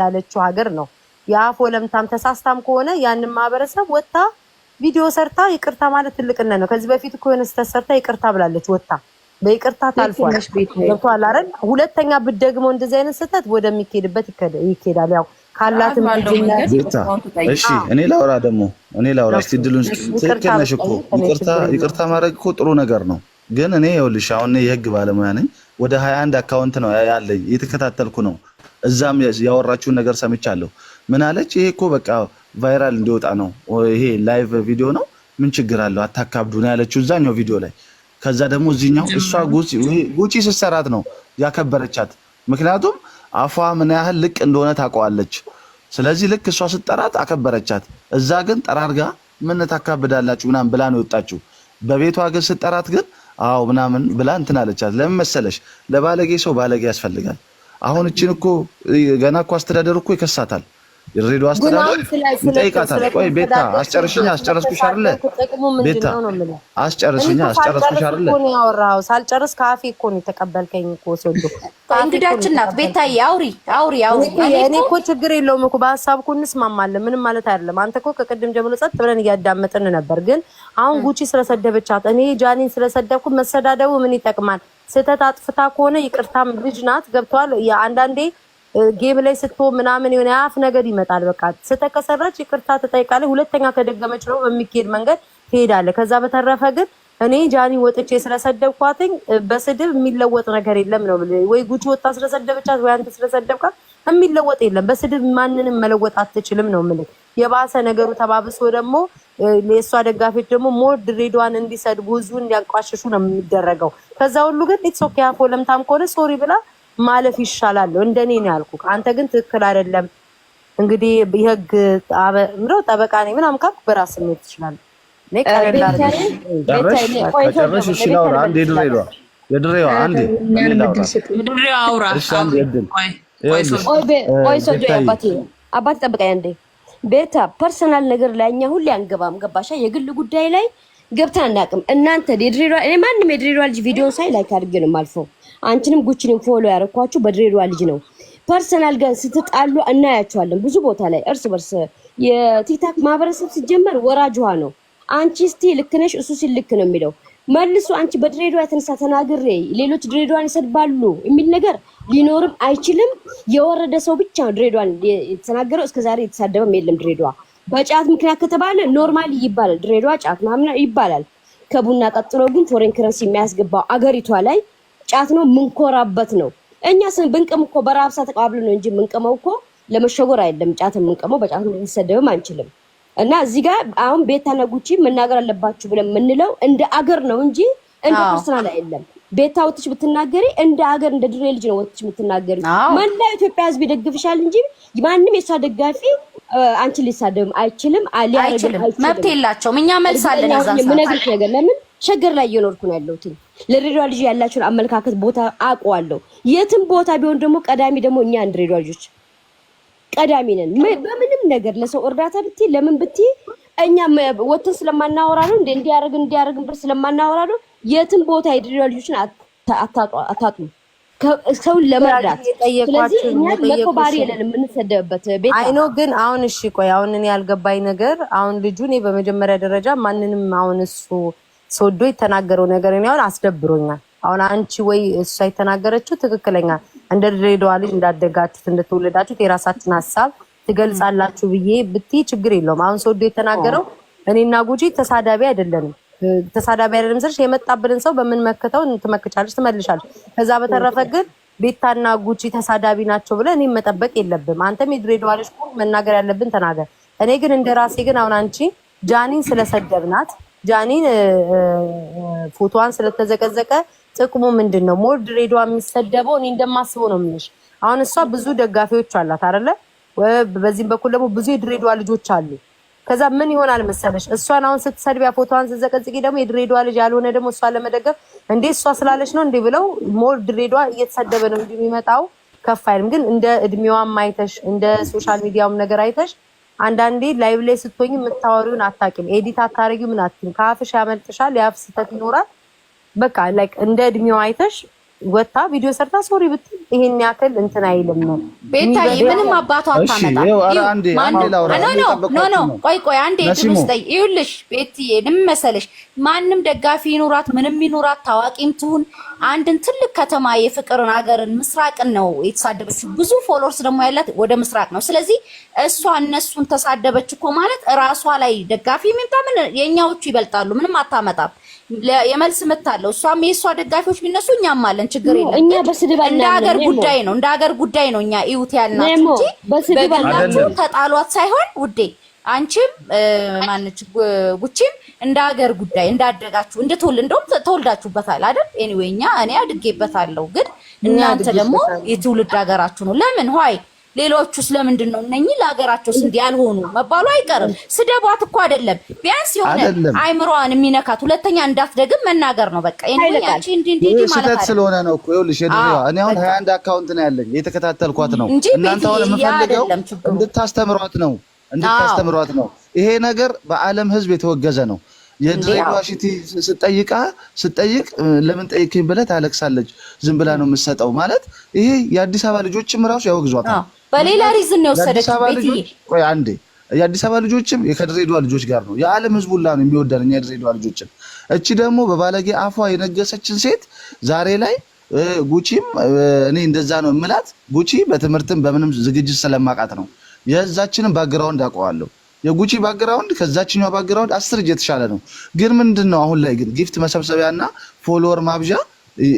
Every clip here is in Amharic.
ያለችው ሀገር ነው። የአፍ ለምታም ተሳስታም ከሆነ ያንን ማህበረሰብ ወጥታ ቪዲዮ ሰርታ ይቅርታ ማለት ትልቅነት ነው። ከዚህ በፊት እኮ የሆነ ስህተት ሰርታ ይቅርታ ብላለች። ወጥታ በይቅርታ ታልፏል። ገብቷል አይደል? ሁለተኛ ብትደግመው እንደዚህ አይነት ስህተት ወደሚካሄድበት ይካሄዳል። ያው ካላት እሺ፣ እኔ ላውራ ደግሞ እኔ ላውራ እስቲ ድሉን። ትክክል ነሽ እኮ ይቅርታ ይቅርታ ማድረግ እኮ ጥሩ ነገር ነው። ግን እኔ ይኸውልሽ አሁን የህግ ባለሙያ ነኝ። ወደ ሀያ አንድ አካውንት ነው ያለኝ፣ እየተከታተልኩ ነው እዛም ያወራችሁን ነገር ሰምቻለሁ። ምን አለች? ይሄ እኮ በቃ ቫይራል እንዲወጣ ነው፣ ይሄ ላይቭ ቪዲዮ ነው። ምን ችግር አለው? አታካብዱ ነው ያለችው እዛኛው ቪዲዮ ላይ። ከዛ ደግሞ እዚኛው እሷ ጉጪ ስትሰራት ነው ያከበረቻት። ምክንያቱም አፏ ምን ያህል ልቅ እንደሆነ ታውቀዋለች። ስለዚህ ልክ እሷ ስትጠራት አከበረቻት። እዛ ግን ጠራርጋ ምን ታካብዳላችሁ ምናምን ብላ ነው የወጣችው። በቤቷ ግን ስትጠራት ግን አዎ ምናምን ብላ እንትን አለቻት። ለምን መሰለሽ? ለባለጌ ሰው ባለጌ ያስፈልጋል። አሁን እችን እኮ ገና እኮ አስተዳደሩ እኮ ይከሳታል። ሬዲዮ አስተዳደር ይጠይቃታል። ቆይ ቤታ አስጨርሽኝ፣ አስጨረስኩሽ አይደለ? ቤታ አስጨርሽኝ፣ አስጨረስኩሽ አይደለ? ሳልጨርስ ከአፌ እኮ ነው የተቀበልከኝ እኮ ሶዶ። እንግዳችን ናት ቤታ። አውሪ አውሪ አውሪ። እኔ እኮ ችግር የለውም እኮ በሀሳብ እኮ እንስማማለን። ምንም ማለት አይደለም። አንተ እኮ ከቅድም ጀምሮ ጸጥ ብለን እያዳመጥን ነበር። ግን አሁን ጉቺ ስለሰደበቻት እኔ ጃኒን ስለሰደብኩ መሰዳደቡ ምን ይጠቅማል? ስህተት አጥፍታ ከሆነ ይቅርታም ልጅ ናት። ገብቷል። አንዳንዴ ጌም ላይ ስትሆን ምናምን የሆነ አፍ ነገር ይመጣል። በቃ ስህተት ይቅርታ ትጠይቃለች። ሁለተኛ ከደገመች ነው በሚካሄድ መንገድ ትሄዳለ። ከዛ በተረፈ ግን እኔ ጃኒ ወጥቼ ስለሰደብኳትኝ በስድብ የሚለወጥ ነገር የለም ነው ወይ ጉቺ ወጣ ስለሰደበቻት ወይ አንተ ስለሰደብካት የሚለወጥ የለም። በስድብ ማንንም መለወጥ አትችልም ነው ምልክ። የባሰ ነገሩ ተባብሶ ደግሞ የእሷ ደጋፊዎች ደግሞ ሞር ድሬዳዋን እንዲሰድቡ ህዝቡን እንዲያንቋሽሹ ነው የሚደረገው። ከዛ ሁሉ ግን ኢትስ ኦኬ አፎ ለምታም ከሆነ ሶሪ ብላ ማለፍ ይሻላል። እንደኔ ነው ያልኩ። አንተ ግን ትክክል አይደለም እንግዲህ የህግ ምረው ጠበቃ ነኝ ምናምን ካልኩ በራስ ስሜት ይችላል። የድሬዋ አንዴ ቤታ ፐርሰናል ነገር ላይ እኛ ሁሌ አንገባም። ገባሻ? የግል ጉዳይ ላይ ገብተን አናውቅም። እናንተ የድሬዳዋ እኔ ማንም የድሬዳዋ ልጅ ቪዲዮን ሳይ ላይክ አድርጌ ነው የማልፈው። አንቺንም ጉቺንም ፎሎ ያደረኳችሁ በድሬዳዋ ልጅ ነው። ፐርሰናል ጋር ስትጣሉ እናያቸዋለን ብዙ ቦታ ላይ እርስ በርስ። የቲክታክ ማህበረሰብ ሲጀመር ወራጅ ውሃ ነው። አንቺ ስቲ ልክ ነሽ፣ እሱ ሲል ልክ ነው የሚለው መልሱ አንቺ በድሬዳዋ የተነሳ ተናግሬ ሌሎች ድሬዳዋን ይሰድባሉ የሚል ነገር ሊኖርም አይችልም። የወረደ ሰው ብቻ ነው ድሬዳዋን የተናገረው። እስከዛሬ የተሳደበም የለም። ድሬዳዋ በጫት ምክንያት ከተባለ ኖርማል ይባላል። ድሬዳዋ ጫት ምናምን ይባላል። ከቡና ቀጥሎ ግን ፎሬን ከረንሲ የሚያስገባው አገሪቷ ላይ ጫት ነው፣ ምንኮራበት ነው። እኛ ብንቅም እኮ በራብሳ ተቀባብለን ነው እንጂ ምንቅመው እኮ ለመሸጎር አይደለም። ጫት ምንቅመው በጫት ሊሰደብም አንችልም። እና እዚህ ጋር አሁን ቤታና ጉቺ መናገር አለባችሁ ብለን የምንለው እንደ አገር ነው እንጂ እንደ ፐርሰናል አይደለም። ቤታ ወጥች ብትናገሪ እንደ አገር እንደ ድሬ ልጅ ነው ወጥች ብትናገሪ፣ መላ ኢትዮጵያ ሕዝብ ይደግፍሻል እንጂ ማንም የሷ ደጋፊ አንቺን ሊሳደብም አይችልም። ሊያረግም መብት የላቸውም። እኛ መልሳለን። ምነግርሽ ነገር ለምን ሸገር ላይ እየኖርኩ ነው ያለሁት። ለድሬዳዋ ልጅ ያላችሁን አመለካከት ቦታ አውቀዋለሁ። የትም ቦታ ቢሆን ደግሞ ቀዳሚ ደግሞ እኛ ድሬዳዋ ልጆች ቀዳሚ ነን። በምንም ነገር ለሰው እርዳታ ብቲ ለምን ብቲ እኛ ወተን ስለማናወራ ነው እንደ እንዲያደርግ እንዲያደርግ ብር ስለማናወራ ነው። የትም ቦታ የድሬዳዋ ልጆችን አታጡ ሰውን ለመርዳት ስለዚህ እኛ መጥፎ ባህሪ የለንም የምንሰደብበት ቤት አይኖ ግን አሁን እሺ ቆይ አሁን እኔ ያልገባኝ ነገር አሁን ልጁ እኔ በመጀመሪያ ደረጃ ማንንም አሁን እሱ ሰወዶ የተናገረው ነገር እኔ አሁን አስደብሮኛል። አሁን አንቺ ወይ እሷ የተናገረችው ትክክለኛል እንደ ድሬዳዋ ልጅ እንዳደጋችሁት እንደተወለዳችሁት የራሳችን ሀሳብ ትገልጻላችሁ ብዬ ብትይ ችግር የለውም። አሁን ሰውዶ የተናገረው እኔና ጉጂ ተሳዳቢ አይደለንም። ተሳዳቢ አይደለም ስልሽ የመጣብንን ሰው በምንመክተው ትመክቻለች፣ ትመልሻለች። ከዛ በተረፈ ግን ቤታና ጉጂ ተሳዳቢ ናቸው ብለን እኔም መጠበቅ የለብም። አንተም የድሬዳዋ ልጅ መናገር ያለብን ተናገር። እኔ ግን እንደ ራሴ ግን አሁን አንቺ ጃኒን ስለሰደብናት ጃኒን ፎቶዋን ስለተዘቀዘቀ ጥቅሙ ምንድን ነው? ሞር ድሬዳዋ የሚሰደበው እኔ እንደማስበው ነው የምልሽ። አሁን እሷ ብዙ ደጋፊዎች አላት አይደለ? በዚህም በኩል ደግሞ ብዙ የድሬዳዋ ልጆች አሉ። ከዛ ምን ይሆናል መሰለሽ፣ እሷን አሁን ስትሰድቢያ ፎቶዋን ስትዘቀዝቂ ደግሞ የድሬዳዋ ልጅ ያልሆነ ደግሞ እሷ ለመደገፍ እንዴ እሷ ስላለች ነው እንዲህ ብለው ሞር ድሬዳዋ እየተሰደበ ነው እንጂ የሚመጣው ከፍ አይልም። ግን እንደ እድሜዋም አይተሽ እንደ ሶሻል ሚዲያውም ነገር አይተሽ አንዳንዴ ላይቭ ላይ ስትሆኝ የምታወሪውን አታውቂም፣ ኤዲት አታረጊ ምን አትይም፣ ከአፍሽ ያመልጥሻል፣ የአፍ ስህተት ይኖራል። በቃ ላይክ እንደ እድሜው አይተሽ ወጣ ቪዲዮ ሰርታ ሶሪ ብትል ይሄን ያክል እንትን አይልም። ቤታዬ ምንም አባቷ አታመጣ። ኖ ኖ ቆይ ቆይ አንዴ ድምፅ ይኸውልሽ፣ ቤትዬ ልመሰለሽ ማንም ደጋፊ ይኑራት ምንም ይኑራት ታዋቂም ትሁን አንድን ትልቅ ከተማ የፍቅርን ሀገርን ምስራቅን ነው የተሳደበችው። ብዙ ፎሎወርስ ደግሞ ያላት ወደ ምስራቅ ነው። ስለዚህ እሷ እነሱን ተሳደበች እኮ ማለት እራሷ ላይ ደጋፊ የሚምጣ ምን የእኛዎቹ ይበልጣሉ፣ ምንም አታመጣም። የመልስ መታለው አለው። እሷም የእሷ ደጋፊዎች ቢነሱ እኛም አለን፣ ችግር የለም። እኛ በስድብ እንደ ሀገር ጉዳይ ነው እንደ ሀገር ጉዳይ ነው እኛ እዩት ያልናችሁ እንጂ አላችሁ ተጣሏት ሳይሆን ውዴ አንቺም ማነች ጉቺም እንደ ሀገር ጉዳይ እንዳደጋችሁ እንድትውል እንደውም ተወልዳችሁበታል አይደል? ኤኒዌይ እኛ እኔ አድጌበታለሁ፣ ግን እናንተ ደግሞ የትውልድ ሀገራችሁ ነው። ለምን ሆይ ሌሎቹ ስለምንድን ነው እነኚህ ለሀገራቸው ስንዴ ያልሆኑ መባሉ አይቀርም። ስደቧት እኮ አይደለም ቢያንስ የሆነ አይምሯን የሚነካት ሁለተኛ እንዳትደግም መናገር ነው። በቃ ስህተት ስለሆነ ነው እኮ ይኸውልሽ፣ እኔ አሁን ሀያ አንድ አካውንት ነው ያለኝ የተከታተልኳት ነው። እናንተ አሁን የምፈልገው እንድታስተምሯት ነው እንድታስተምሯት ነው። ይሄ ነገር በዓለም ህዝብ የተወገዘ ነው። የድሬዳዋ ሽቲ ስጠይቃ ስጠይቅ ለምን ጠይቅኝ ብለህ ታለቅሳለች። ዝም ብላ ነው የምትሰጠው ማለት ይሄ የአዲስ አበባ ልጆችም ራሱ ያወግዟታል። በሌላ ሪዝን ነው ወሰደች። አንዴ የአዲስ አበባ ልጆችም ከድሬዳዋ ልጆች ጋር ነው የዓለም ህዝቡላ ሁላ ነው የሚወዳን እኛ የድሬዳዋ ልጆችን። እቺ ደግሞ በባለጌ አፏ የነገሰችን ሴት ዛሬ ላይ ጉቺም እኔ እንደዛ ነው የምላት። ጉቺ በትምህርትም በምንም ዝግጅት ስለማቃት ነው። የዛችንን ባግራውንድ አውቀዋለሁ። የጉቺ ባግራውንድ ከዛችኛው ባግራውንድ አስር እጅ የተሻለ ነው። ግን ምንድን ነው አሁን ላይ ግን ጊፍት መሰብሰቢያና ፎሎወር ማብዣ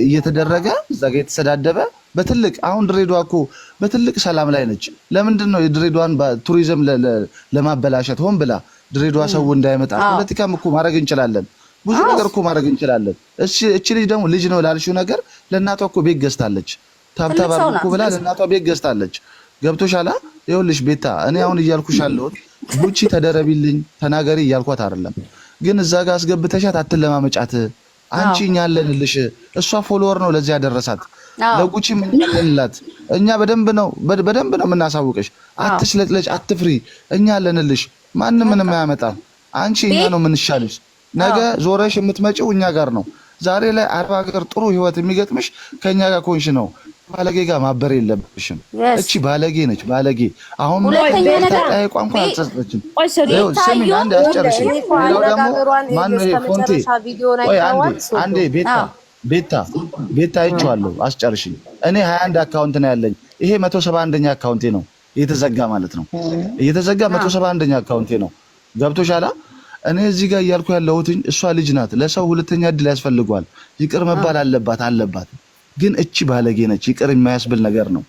እየተደረገ እዛ ጋ የተሰዳደበ በትልቅ አሁን ድሬዷ እኮ በትልቅ ሰላም ላይ ነች። ለምንድን ነው የድሬዷን ቱሪዝም ለማበላሸት ሆን ብላ ድሬዷ ሰው እንዳይመጣ? ፖለቲካም እኮ ማድረግ እንችላለን፣ ብዙ ነገር እኮ ማድረግ እንችላለን። እቺ ልጅ ደግሞ ልጅ ነው ላልሽው ነገር ለእናቷ እኮ ቤት ገዝታለች። ታብታባ እኮ ብላ ለእናቷ ቤት ገዝታለች። ገብቶሻላ? ይኸውልሽ ቤታ፣ እኔ አሁን እያልኩሽ አለሁት ቡቺ ተደረቢልኝ ተናገሪ እያልኳት አይደለም፣ ግን እዛ ጋር አስገብተሻት አትለማመጫት አንቺ እኛ አለንልሽ። እሷ ፎሎወር ነው ለዚህ ያደረሳት። ለጉቺም እኛ እኛ በደንብ ነው በደንብ ነው የምናሳውቅሽ። አትሽለጭለጭ፣ አትፍሪ። እኛ አለንልሽ። ማንም ምንም አያመጣም። አንቺ እኛ ነው የምንሻልሽ። ነገ ዞረሽ የምትመጪው እኛ ጋር ነው። ዛሬ ላይ አረብ ሀገር ጥሩ ህይወት የሚገጥምሽ ከኛ ጋር ኮንሽ ነው። ባለጌ ጋር ማበር የለብሽም። እቺ ባለጌ ነች። ባለጌ አሁን ተጠያይቋ ቋንቋ አልጸጸችም። አንዴ አስጨርሽኝ። ሌላው ደግሞ ማነው አንዴ ቤታ ቤታ ቤታ አይቼዋለሁ። አስጨርሽኝ። እኔ ሀያ አንድ አካውንት ነው ያለኝ። ይሄ መቶ ሰባ አንደኛ አካውንቴ ነው እየተዘጋ ማለት ነው። እየተዘጋ መቶ ሰባ አንደኛ አካውንቴ ነው። ገብቶሻላ እኔ እዚህ ጋር እያልኩ ያለሁትኝ እሷ ልጅ ናት። ለሰው ሁለተኛ እድል ያስፈልገዋል። ይቅር መባል አለባት አለባት። ግን እቺ ባለጌ ነች። ይቅር የማያስብል ነገር ነው።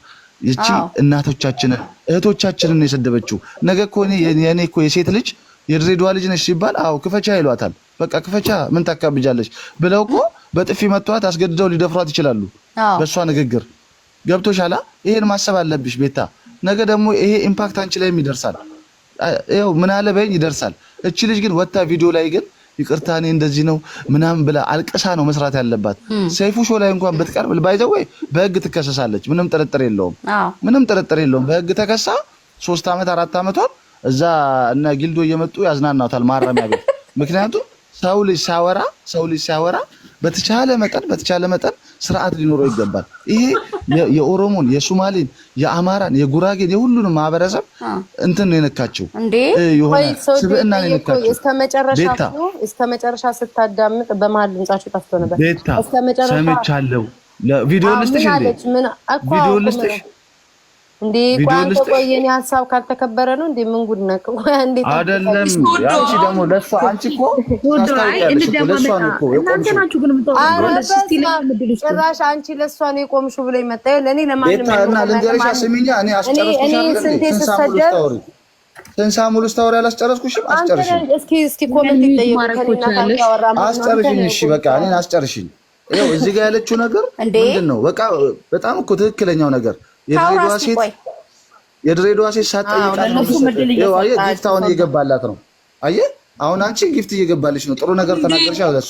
ይቺ እናቶቻችንን እህቶቻችንን የሰደበችው ነገ እኮ የኔ እኮ የሴት ልጅ የድሬዳዋ ልጅ ነች ሲባል አዎ ክፈቻ ይሏታል። በቃ ክፈቻ ምን ታካብጃለች ብለው እኮ በጥፊ መቷት አስገድደው ሊደፍሯት ይችላሉ። በእሷ ንግግር ገብቶሻላ? ይሄን ማሰብ አለብሽ ቤታ። ነገ ደግሞ ይሄ ኢምፓክት አንቺ ላይም ይደርሳል። ይኸው ምን አለ በይኝ ይደርሳል። እቺ ልጅ ግን ወታ ቪዲዮ ላይ ግን ይቅርታ እኔ እንደዚህ ነው ምናምን ብላ አልቅሳ ነው መስራት ያለባት። ሰይፉ ሾ ላይ እንኳን ብትቀርብ ባይዘ ወይ በህግ ትከሰሳለች። ምንም ጥርጥር የለውም። ምንም ጥርጥር የለውም። በህግ ተከሳ ሶስት ዓመት አራት ዓመቷን እዛ እነ ጊልዶ እየመጡ ያዝናናታል ማረሚያ ቤት። ምክንያቱም ሰው ልጅ ሲያወራ ሰው ልጅ ሲያወራ በተቻለ መጠን በተቻለ መጠን ስርዓት ሊኖረው ይገባል። ይሄ የኦሮሞን፣ የሱማሌን፣ የአማራን፣ የጉራጌን የሁሉንም ማህበረሰብ እንትን ነው የነካቸው ስብዕና ነው የነካቸው። እስከ መጨረሻ ስታዳምጥ በመሀል ድምጻቸው ጠፍቶ ነበር። ቤታ ሰምቻለሁ። ቪዲዮ ልስጥሽ፣ ቪዲዮ ልስጥሽ እንዴ ቋንቋ ቆየኔ ሀሳብ ካልተከበረ ነው እንዴ? ምን ጉድ ነክ ወይ አንዴ አይደለም። አንቺ ደግሞ ለሷ አንቺ እኮ ጭራሽ አንቺ ለሷ ነው የቆምሽው ብሎ ይመጣ ለእኔ ለማንም ልንገርሽ፣ ስሚኛ እኔ አስጨረስኩ ስንሳሙል ስታወሪ አላስጨረስኩሽም። አስጨርሽኝ፣ እስኪ እስኪ ኮመንት ይጠየቁ። አስጨርሽኝ፣ እሺ በቃ እኔን አስጨርሽኝ። ይኸው እዚህ ጋር ያለችው ነገር ምንድን ነው? በቃ በጣም እኮ ትክክለኛው ነገር የድሬዳዋ ሴት የድሬዳዋ ሴት ሳጠይቃት አሁን እየገባላት ነው። አየህ አሁን አንቺ ጊፍት እየገባለች ነው። ጥሩ ነገር ተናገርሻ ለሷ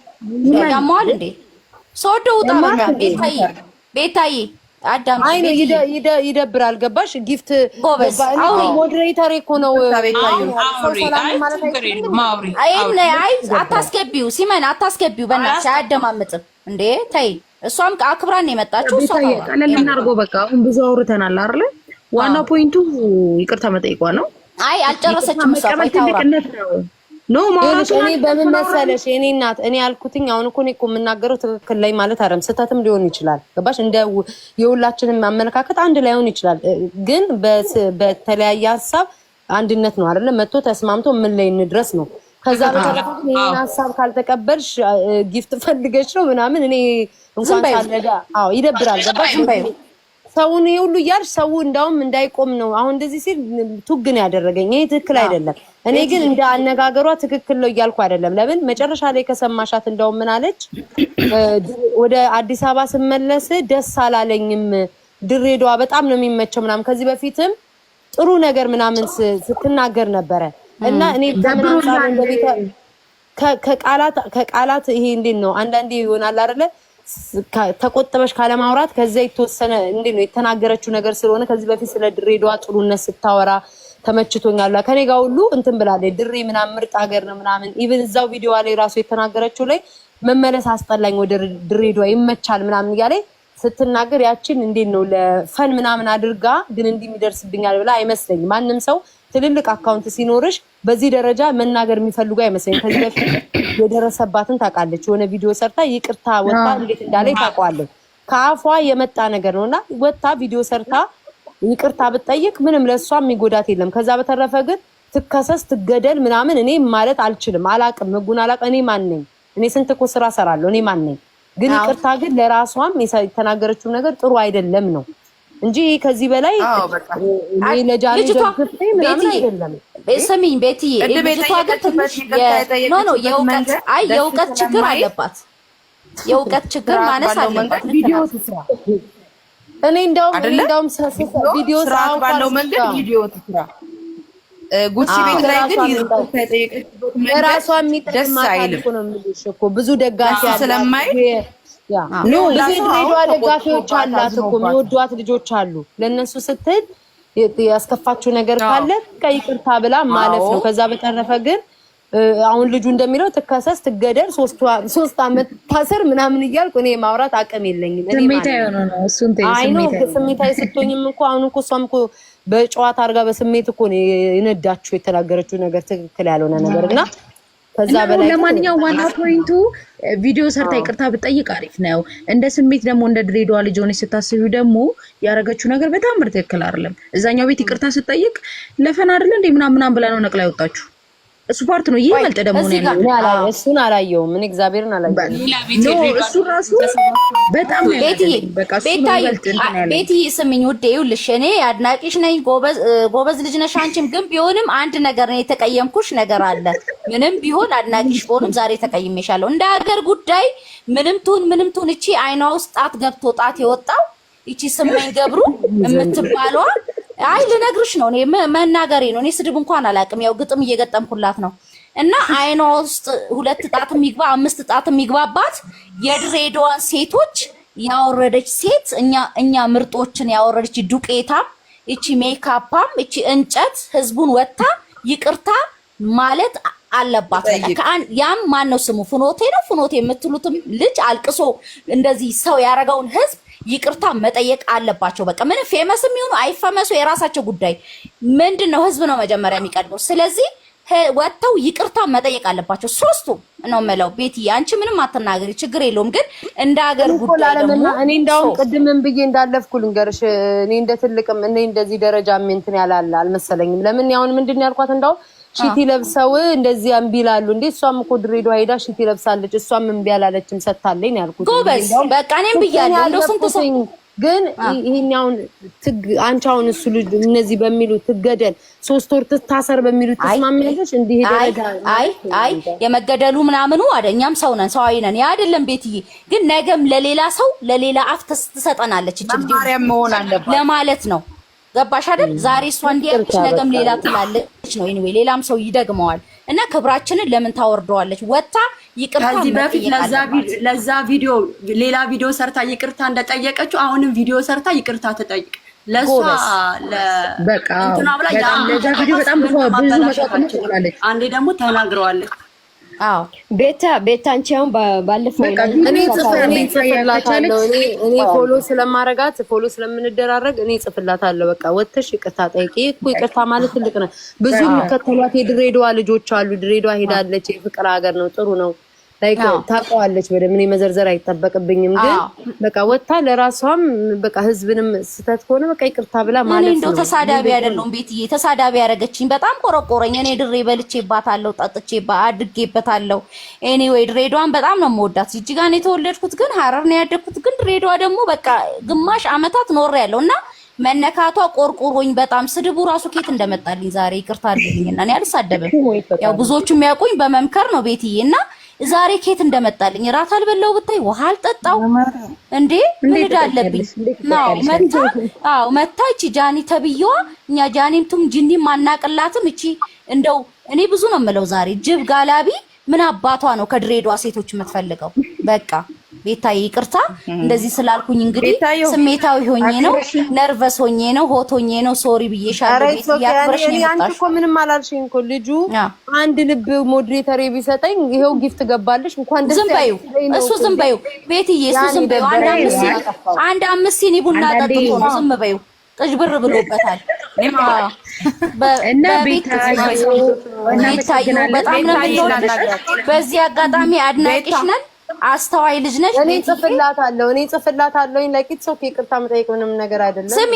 ያማል እንዴ ሶዶ ውጣ በቃ ቤታዬ ቤታዬ አዳም አይ ነው ይደብራል። ገባሽ ጊፍት ጎበዝ ሞዴሬተር እኮ ነው አታስገቢው ሲመን አታስገቢው በእናትሽ አያደማምጥም እንዴ ተይ። እሷም አክብራን የመጣችው እሷ ቀለል እናድርጎ በቃ አሁን ብዙ አውርተናል አይደለ? ዋናው ፖይንቱ ይቅርታ መጠይቋ ነው። አይ አልጨረሰችም እሷ ታውራ ነው ማለት እኔ በምን መሰለሽ የኔ እናት እኔ ያልኩትኝ አሁን እኮ እኔ እኮ የምናገረው ትክክል ላይ ማለት አይደለም፣ ስህተትም ሊሆን ይችላል። ገባሽ? እንደ የሁላችንም አመለካከት አንድ ላይሆን ይችላል፣ ግን በተለያየ ሀሳብ አንድነት ነው አይደለ? መጥቶ ተስማምቶ ምን ላይ እንድረስ ነው። ከዛ በተረፈ ይሄን ሀሳብ ካልተቀበልሽ ጊፍት ፈልገሽ ነው ምናምን እኔ እንኳን ካለዳ አዎ ይደብራል። ገባሽ? ሰውን ሁሉ እያልሽ ሰው እንዳውም እንዳይቆም ነው። አሁን እንደዚህ ሲል ቱግ ነው ያደረገኝ። ይሄ ትክክል አይደለም። እኔ ግን እንደ አነጋገሯ ትክክል ነው እያልኩ አይደለም። ለምን መጨረሻ ላይ ከሰማሻት እንዳውም ምን አለች? ወደ አዲስ አበባ ስመለስ ደስ አላለኝም፣ ድሬዳዋ በጣም ነው የሚመቸው ምናምን። ከዚህ በፊትም ጥሩ ነገር ምናምን ስትናገር ነበረ እና እኔ ከቃላት ይሄ እንዴት ነው አንዳንዴ ይሆናል አይደለ ተቆጥበሽ ካለማውራት ከዚያ የተወሰነ እንዴ ነው የተናገረችው ነገር ስለሆነ ከዚህ በፊት ስለ ድሬዳዋ ጥሩነት ስታወራ ተመችቶኛል ከኔ ጋር ሁሉ እንትን ብላለች። ድሬ ምናምን ምርጥ ሀገር ነው ምናምን ኢቨን እዛው ቪዲዮ ላይ ራሱ የተናገረችው ላይ መመለስ አስጠላኝ ወደ ድሬዳዋ ይመቻል ምናምን እያለ ስትናገር ያችን እንዴት ነው ለፈን ምናምን አድርጋ ግን እንዲህ የሚደርስብኛል ብላ አይመስለኝም ማንም ሰው ትልልቅ አካውንት ሲኖርሽ በዚህ ደረጃ መናገር የሚፈልጉ አይመስለኝ። ከዚህ በፊት የደረሰባትን ታውቃለች። የሆነ ቪዲዮ ሰርታ ይቅርታ ወጣ እንዴት እንዳለ ታውቀዋለች። ከአፏ የመጣ ነገር ነው እና ወጣ ቪዲዮ ሰርታ ይቅርታ ብትጠይቅ ምንም ለእሷ የሚጎዳት የለም። ከዛ በተረፈ ግን ትከሰስ ትገደል ምናምን እኔ ማለት አልችልም። አላቅም፣ ህጉን አላቅም። እኔ ማን ነኝ? እኔ ስንት እኮ ስራ ሰራለሁ። እኔ ማን ነኝ? ግን ይቅርታ ግን ለራሷም የተናገረችው ነገር ጥሩ አይደለም ነው እንጂ ከዚህ በላይ ስሚኝ ቤትዬ፣ ልጅቷ ግን ትንሽ የእውቀት ችግር አለባት። የእውቀት ችግር ማነስ አለባት። እኔ እንደውም ቪዲዮ ባለው መንገድ ቪዲዮ ትስራ። ጉቺ ቤት ላይ ግን የጠየቀችበት መንገድ ደስ አይልም። ብዙ ደጋፊ ስለማይ ብዙ ድሬዳዋ ደጋፊዎች አላት እኮ የሚወዷት ልጆች አሉ። ለእነሱ ስትል ያስከፋችው ነገር ካለ ይቅርታ ብላ ማለፍ ነው። ከዛ በተረፈ ግን አሁን ልጁ እንደሚለው ትከሰስ፣ ትገደል፣ ሶስት ዓመት ታስር ምናምን እያልኩ እኔ ማውራት አቅም የለኝም። ስሜታዊ ስትሆኝም እኮ አሁን እኮ እሷም እኮ በጨዋታ አድርጋ በስሜት እኮ የተናገረችው ነገር ትክክል ያልሆነ ነገር እና ከዛ በላይ ለማንኛውም ዋና ፖይንቱ ቪዲዮ ሰርታ ይቅርታ ብጠይቅ አሪፍ ነው። እንደ ስሜት ደግሞ እንደ ድሬዳዋ ልጅ ሆነች ስታስቢ ደግሞ ያደረገችው ነገር በጣም ትክክል አይደለም። እዛኛው ቤት ይቅርታ ስጠይቅ ለፈን አይደለ እንዴ ምናምን ምናምን ብላ ነው ነቅላ ይወጣችሁ እሱ ፓርት ነው። ይህ መልጥ ደግሞ እሱን አላየው። ምን እግዚአብሔርን አላየው። እሱ ራሱ በጣም ቤትዬ ስምኝ ውዴ፣ ይኸውልሽ እኔ አድናቂሽ ነኝ፣ ጎበዝ ልጅ ነሽ አንቺም። ግን ቢሆንም አንድ ነገር ነው የተቀየምኩሽ ነገር አለ። ምንም ቢሆን አድናቂሽ በሆንም ዛሬ ተቀይሜሻለሁ። እንደ ሀገር ጉዳይ ምንም ትሁን ምንም ትሁን፣ እቺ አይኗ ውስጥ ጣት ገብቶ ጣት የወጣው እቺ ስመኝ ገብሩ የምትባለዋ አይ ልነግርሽ ነው፣ እኔ መናገሬ ነው። እኔ ስድብ እንኳን አላውቅም። ያው ግጥም እየገጠምኩላት ነው። እና አይኗ ውስጥ ሁለት ጣት የሚግባ አምስት ጣት የሚግባባት የድሬዳዋን ሴቶች ያወረደች ሴት እኛ እኛ ምርጦችን ያወረደች ዱቄታ እቺ ሜካፓም፣ እቺ እንጨት ህዝቡን ወታ ይቅርታ ማለት አለባት። ያም ማን ነው ስሙ? ፍኖቴ ነው ፍኖቴ የምትሉትም ልጅ አልቅሶ እንደዚህ ሰው ያደረገውን ህዝብ ይቅርታ መጠየቅ አለባቸው። በቃ ምን ፌመስ የሚሆኑ አይፈመሱ የራሳቸው ጉዳይ ምንድን ነው። ህዝብ ነው መጀመሪያ የሚቀድመው። ስለዚህ ወጥተው ይቅርታ መጠየቅ አለባቸው። ሶስቱ ነው የምለው። ቤት አንቺ ምንም አትናገሪ፣ ችግር የለውም ግን እንደ ሀገር ጉዳይ እኔ እንዳውም ቅድምም ብዬ እንዳለፍኩ ልንገርሽ፣ እኔ እንደ ትልቅም እኔ እንደዚህ ደረጃ እንትን ያላለ አልመሰለኝም። ለምን ያሁን ምንድን ያልኳት እንዳውም ሺቲ ለብሰው እንደዚህ እምቢ ይላሉ እንዴ? እሷም እኮ ድሬዳዋ ሄዳ ሺቲ ለብሳለች። እሷም እምቢ አላለችም ሰታለኝ ያልኩት ጎበዝ። በቃ እኔም ብያለሁ። ስንት ሰው ግን ይሄኛውን ትግ አንቺ አሁን እሱ ልጅ እነዚህ በሚሉ ትገደል ሶስት ወር ትታሰር በሚሉ ተስማሚያለሽ? እንዲህ ሄደ አይ አይ የመገደሉ ምናምኑ አደኛም ሰው ነን ሰው አይነን ያ አይደለም። ቤትዬ ግን ነገም ለሌላ ሰው ለሌላ አፍ ትሰጠናለች እቺ ልጅ ለማለት ነው ገባሽ አይደል? ዛሬ እሷ እንዲያለች ነገም ሌላ ትላለች ነው። ኤኒዌይ ሌላም ሰው ይደግመዋል እና ክብራችንን ለምን ታወርደዋለች? ወታ ይቅርታ ከዚህ በፊት ለዛ ቪዲዮ ሌላ ቪዲዮ ሰርታ ይቅርታ እንደጠየቀችው አሁንም ቪዲዮ ሰርታ ይቅርታ ትጠይቅ። ለእሷ ለእንትና ብላ ያ ቪዲዮ በጣም ብዙ መጣጥ ትችላለች። አንዴ ደግሞ ተናግረዋለች። አዎ ቤታ ቤታ አንቺ አሁን ባለፈው ፎሎ ስለማረጋት ፎሎ ስለምንደራረግ እኔ ጽፍላታለሁ። በቃ ወጥተሽ ይቅርታ ጠይቂ እኮ ይቅርታ ማለት ትልቅ ነው። ብዙ የሚከተሏት የድሬዳዋ ልጆች አሉ። ድሬዳዋ ሄዳለች። የፍቅር ሀገር ነው። ጥሩ ነው። ላይክ ታውቀዋለች በደምብ እኔ መዘርዘር አይጠበቅብኝም። ግን በቃ ወጥታ ለራሷም በቃ ህዝብንም ስህተት ከሆነ በቃ ይቅርታ ብላ ማለት ነው። እንደው ተሳዳቢ አይደለሁም ቤትዬ፣ ተሳዳቢ ያደረገችኝ በጣም ቆረቆረኝ። እኔ ድሬ በልቼባታለሁ፣ ጠጥቼባ አድጌበታለሁ። ኤኒዌይ ድሬዳዋን በጣም ነው የምወዳት። ጅጅጋ ነው የተወለድኩት፣ ግን ሀረር ነው ያደግኩት። ግን ድሬዳዋ ደግሞ በቃ ግማሽ አመታት ኖሬያለሁ እና መነካቷ ቆርቆሮኝ በጣም ስድቡ ራሱ ኬት እንደመጣልኝ ዛሬ ይቅርታ አድርግልኝና እኔ አልሳደብም። ያው ብዙዎቹ የሚያውቁኝ በመምከር ነው ቤትዬ እና ዛሬ ኬት እንደመጣልኝ እራት አልበላው ብታይ ውሃ አልጠጣው እንዴ ምንድ አለብኝ መታ አው መታ እቺ ጃኒ ተብዬዋ እኛ ጃኒምቱም ጅኒም አናቅላትም እቺ እንደው እኔ ብዙ ነው የምለው ዛሬ ጅብ ጋላቢ ምን አባቷ ነው ከድሬዷ ሴቶች የምትፈልገው በቃ ቤታዬ ይቅርታ እንደዚህ ስላልኩኝ እንግዲህ ስሜታዊ ሆኜ ነው፣ ነርቨስ ሆኜ ነው፣ ሆት ሆኜ ነው። ሶሪ ብዬሻለሁ። አንቺ ምንም አላልሽኝ እኮ ልጁ አንድ ልብ ሞዴሬተር ቢሰጠኝ ይኸው ጊፍት ገባልሽ። እንኳን ደስ ያለሽ። እሱ ዝም በይው ቤትዬ፣ እሱ ዝም በይው። አንድ አምስት አንድ አምስት ሲኒ ቡና ጠጥቶ ነው ዝም በይው። ጥጅብር ብሎበታል። እና ቤታዬ በጣም ነው። በዚህ አጋጣሚ አድናቂሽ ነን አስተዋይ ልጅ ነሽ። እኔ ጽፍላታለሁ እኔ ጽፍላታለሁ ለቂት ሰው ይቅርታ መጠየቅ ምንም ነገር አይደለም። ስሚ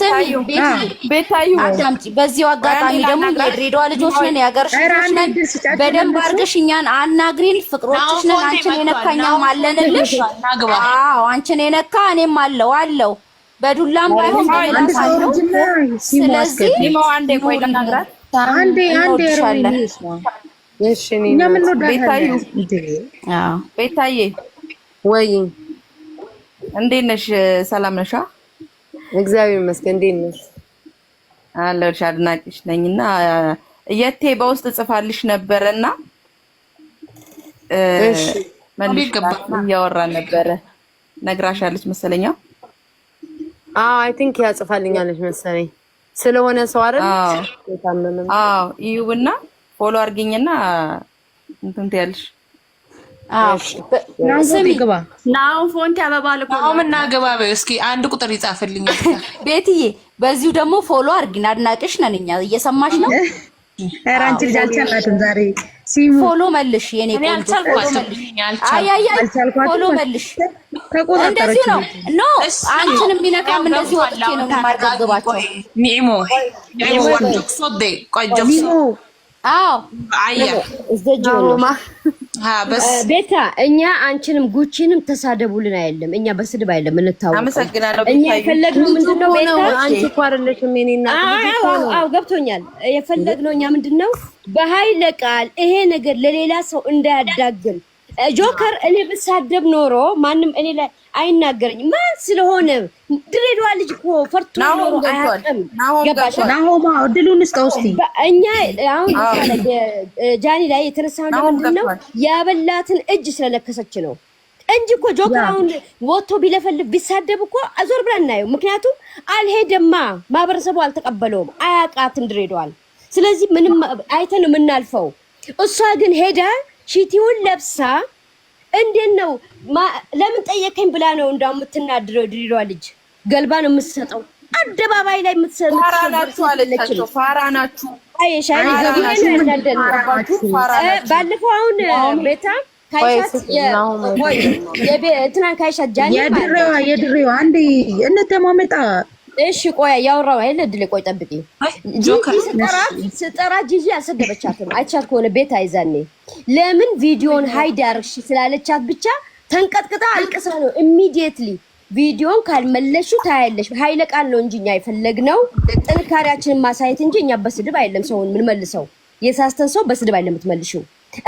ስሚ ቤታዩ አዳምጪ። በዚህ አጋጣሚ ደግሞ የድሬዳዋ ልጆች ነን፣ የሀገርሽ ልጆች ነን። በደንብ አድርገሽ እኛን አናግሪን። ፍቅሮችሽ ነን። አንቺን የነካ እኛም አለንልሽ። አዎ አንቺን የነካ እኔም አለው አለው በዱላም ባይሆን በመላሳለው። ስለዚህ አንዴ አንዴ ቤታዬ ወይ እንዴት ነሽ? ሰላም ነሽ? እግዚአብሔር ይመስገን። እንዴት ነሽ? አለሁልሽ። አድናቂሽ ነኝና የቴ በውስጥ ጽፋልሽ ነበረና መልሽ እያወራ ነበረ ነግራሻለች አዎ አይ ቲንክ መሰለኝ ስለሆነ ሰው አይደል? አዎ ፎሎ አድርጊኝና እንትን ትያለሽ። ናሁን ፎንቲ አበባ ልኮናሁም እና በይው እስኪ አንድ ቁጥር ይጻፍልኛል። ቤትዬ በዚሁ ደግሞ ፎሎ አድርጊን፣ አድናቂሽ ነን እኛ። እየሰማሽ ነው። ኧረ ልጅ አልቻላትም ዛሬ። ፎሎ መልሽ የኔ ፎሎ መልሽ። እንደዚሁ ነው ኖ አንቺን የሚነካም እንደዚሁ ወጥቼ ነው የማርገብባቸው ኒሞ ወንዶ ሶዴ ቆጆ አዎ ቤታ እኛ አንቺንም ጉቺንም ተሳደቡልን አይደለም፣ እኛ በስድብ አይደለም እንታወቅ። እኛ የፈለግነው ምንድነው ገብቶኛል። የፈለግነው እኛ ምንድነው በኃይለ ቃል ይሄ ነገር ለሌላ ሰው እንዳያዳግም ጆከር እኔ ብሳደብ ኖሮ ማንም እኔ ላይ አይናገረኝ። ማን ስለሆነ ድሬዳዋ ልጅ እኮ ፈርቶ ኖሮ አያውቅም። ናሆማ እድሉን ስጠው እስኪ። እኛ አሁን ጃኒ ላይ የተነሳ ምንድን ነው ያበላትን እጅ ስለለከሰች ነው እንጂ እኮ ጆከር አሁን ወጥቶ ቢለፈልፍ ቢሳደብ እኮ ዞር ብለን እናየው። ምክንያቱም አልሄደማ፣ ማህበረሰቡ አልተቀበለውም፣ አያውቃትም ድሬዳዋን። ስለዚህ ምንም አይተን የምናልፈው እሷ ግን ሄዳ ሺቲውን ለብሳ እንዴት ነው ለምን ጠየቀኝ ብላ ነው እንዳው የምትናድረው። ድሪሯ ልጅ ገልባ ነው የምትሰጠው አደባባይ ላይ የምትሰጠው። ፋራ ናችሁ አለቻቸው። ፋራ ናችሁ። አይሽ አይ ዘብየን ያንዳንደን ባለፈው አሁን ሜታ ካይሻት የቤ እንትና ካይሻት ጃኒ የድሪዋ የድሪዋ አንዴ እንተማመጣ እሺ ቆይ ያወራው አይደል? እድል ቆይ ጠብቂ። ጆከር ስጠራ ጂጂ አልሰደበቻትም። አይቻት ከሆነ ቤት አይዛኔ ለምን ቪዲዮን ሃይዳርሽ ስላለቻት ብቻ ተንቀጥቅጣ አልቅሳ ነው። ኢሚዲየትሊ ቪዲዮን ካልመለሽው ታያለሽ። ኃይለ ቃል ነው እንጂ እኛ የፈለግነው ጥንካሬያችንን ማሳየት እንጂ እኛ በስድብ አይደለም ሰውን የምንመልሰው። የሳስተን ሰው በስድብ አይደለም የምትመልሽው።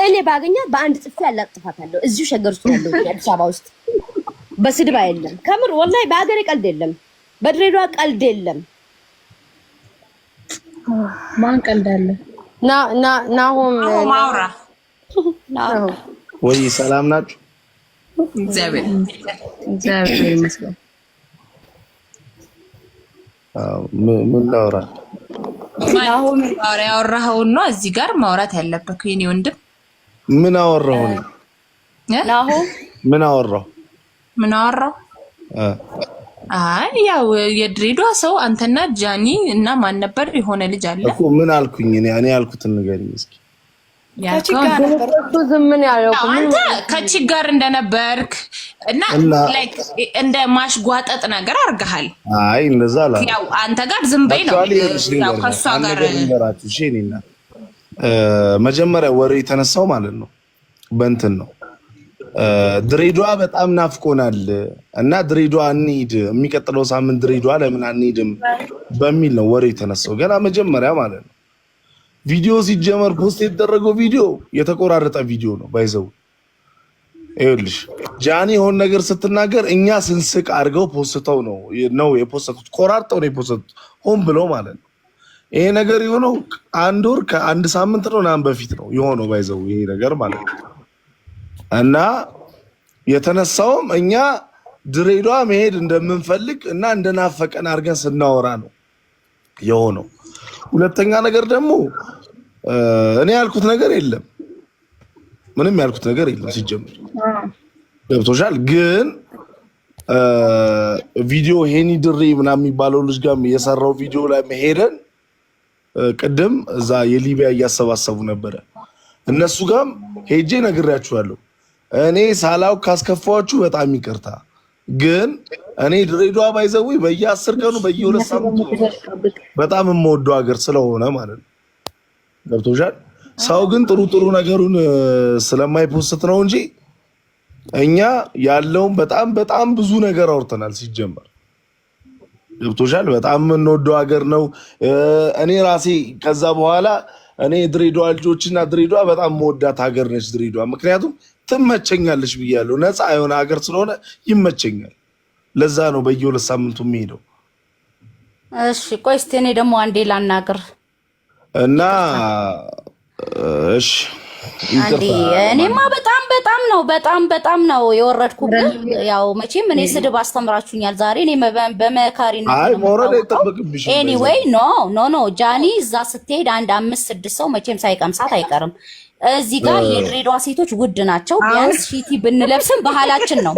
እኔ ባገኛ በአንድ ጽፌ አላጥፋታለሁ። እዚሁ ሸገር ውስጥ ያለው አዲስ አበባ ውስጥ በስድብ አይደለም። ከምር ወላሂ በሀገሬ ቀልድ የለም። በድሬዳዋ ቀልድ የለም። ማን ቀልድ አለ? ና ና ናሆም ማውራ ወይ ሰላም ናችሁ? እግዚአብሔር እግዚአብሔር ይመስገን። ምን ላውራ? ናሆም ያወራኸውን ነው እዚህ ጋር ማውራት ያለበት የእኔ ወንድም። ምን አወራሁ ናሆም? ምን አወራሁ? ምን አወራሁ? አይ ያው የድሬዳዋ ሰው አንተና ጃኒ እና ማን ነበር? የሆነ ልጅ አለ እኮ ምን አልኩኝ እኔ እኔ ያልኩትን ነገር እስኪ አንተ ከቺ ጋር እንደነበርክ እና እንደ ማሽጓጠጥ ነገር አድርገሃል። አይ እንደዛ አላ ያው አንተ ጋር ዝም በይ ነው መጀመሪያ ወሬ የተነሳው ማለት ነው በእንትን ነው ድሬዷ በጣም ናፍቆናል እና ድሬዷ እንሂድ፣ የሚቀጥለው ሳምንት ድሬዷ ለምን አንሂድም በሚል ነው ወሬ የተነሳው። ገና መጀመሪያ ማለት ነው። ቪዲዮ ሲጀመር ፖስት የተደረገው ቪዲዮ የተቆራረጠ ቪዲዮ ነው። ባይዘው ይኸውልሽ፣ ጃኒ የሆን ነገር ስትናገር እኛ ስንስቅ አድርገው ፖስተው ነው ነው የፖስተቱት፣ ቆራርጠው ነው የፖስተቱት፣ ሆን ብለው ማለት ነው። ይሄ ነገር የሆነው አንድ ወር ከአንድ ሳምንት ነው ናም በፊት ነው የሆነው። ባይዘው ይሄ ነገር ማለት ነው እና የተነሳውም እኛ ድሬዳዋ መሄድ እንደምንፈልግ እና እንደናፈቀን አድርገን ስናወራ ነው የሆነው። ሁለተኛ ነገር ደግሞ እኔ ያልኩት ነገር የለም፣ ምንም ያልኩት ነገር የለም ሲጀምር ገብቶሻል። ግን ቪዲዮ ሄኒ ድሬ ምናምን የሚባለው ልጅ ጋር የሰራው ቪዲዮ ላይ መሄደን ቅድም እዛ የሊቢያ እያሰባሰቡ ነበረ እነሱ ጋም ሄጄ ነግሬያችኋለሁ እኔ ሳላውቅ ካስከፋችሁ በጣም ይቅርታ። ግን እኔ ድሬዳዋ ባይዘዊ በየአስር ቀኑ በየሁለት ሳምንቱ በጣም የምወደው ሀገር ስለሆነ ማለት ነው። ገብቶሻል። ሰው ግን ጥሩ ጥሩ ነገሩን ስለማይፖስት ነው እንጂ እኛ ያለውን በጣም በጣም ብዙ ነገር አውርተናል። ሲጀመር ገብቶሻል። በጣም የምንወደው ሀገር ነው። እኔ ራሴ ከዛ በኋላ እኔ ድሬዳዋ ልጆችና ድሬዳዋ በጣም መወዳት ሀገር ነች ድሬዳዋ ምክንያቱም ትመቸኛለች ብያለሁ። ነፃ የሆነ ሀገር ስለሆነ ይመቸኛል። ለዛ ነው በየሁለት ሳምንቱ የሚሄደው። እሺ ቆይ እስቲ እኔ ደግሞ አንዴ ላናግር እና እሺ እኔማ በጣም በጣም ነው በጣም በጣም ነው የወረድኩብህ። ያው መቼም እኔ ስድብ አስተምራችሁኛል ዛሬ። እኔ በመካሪ ኤኒዌይ ኖ ኖ ኖ ጃኒ እዛ ስትሄድ አንድ አምስት ስድስት ሰው መቼም ሳይቀምሳት አይቀርም። እዚህ ጋር የድሬዳዋ ሴቶች ውድ ናቸው። ቢያንስ ሺቲ ብንለብስም ባህላችን ነው።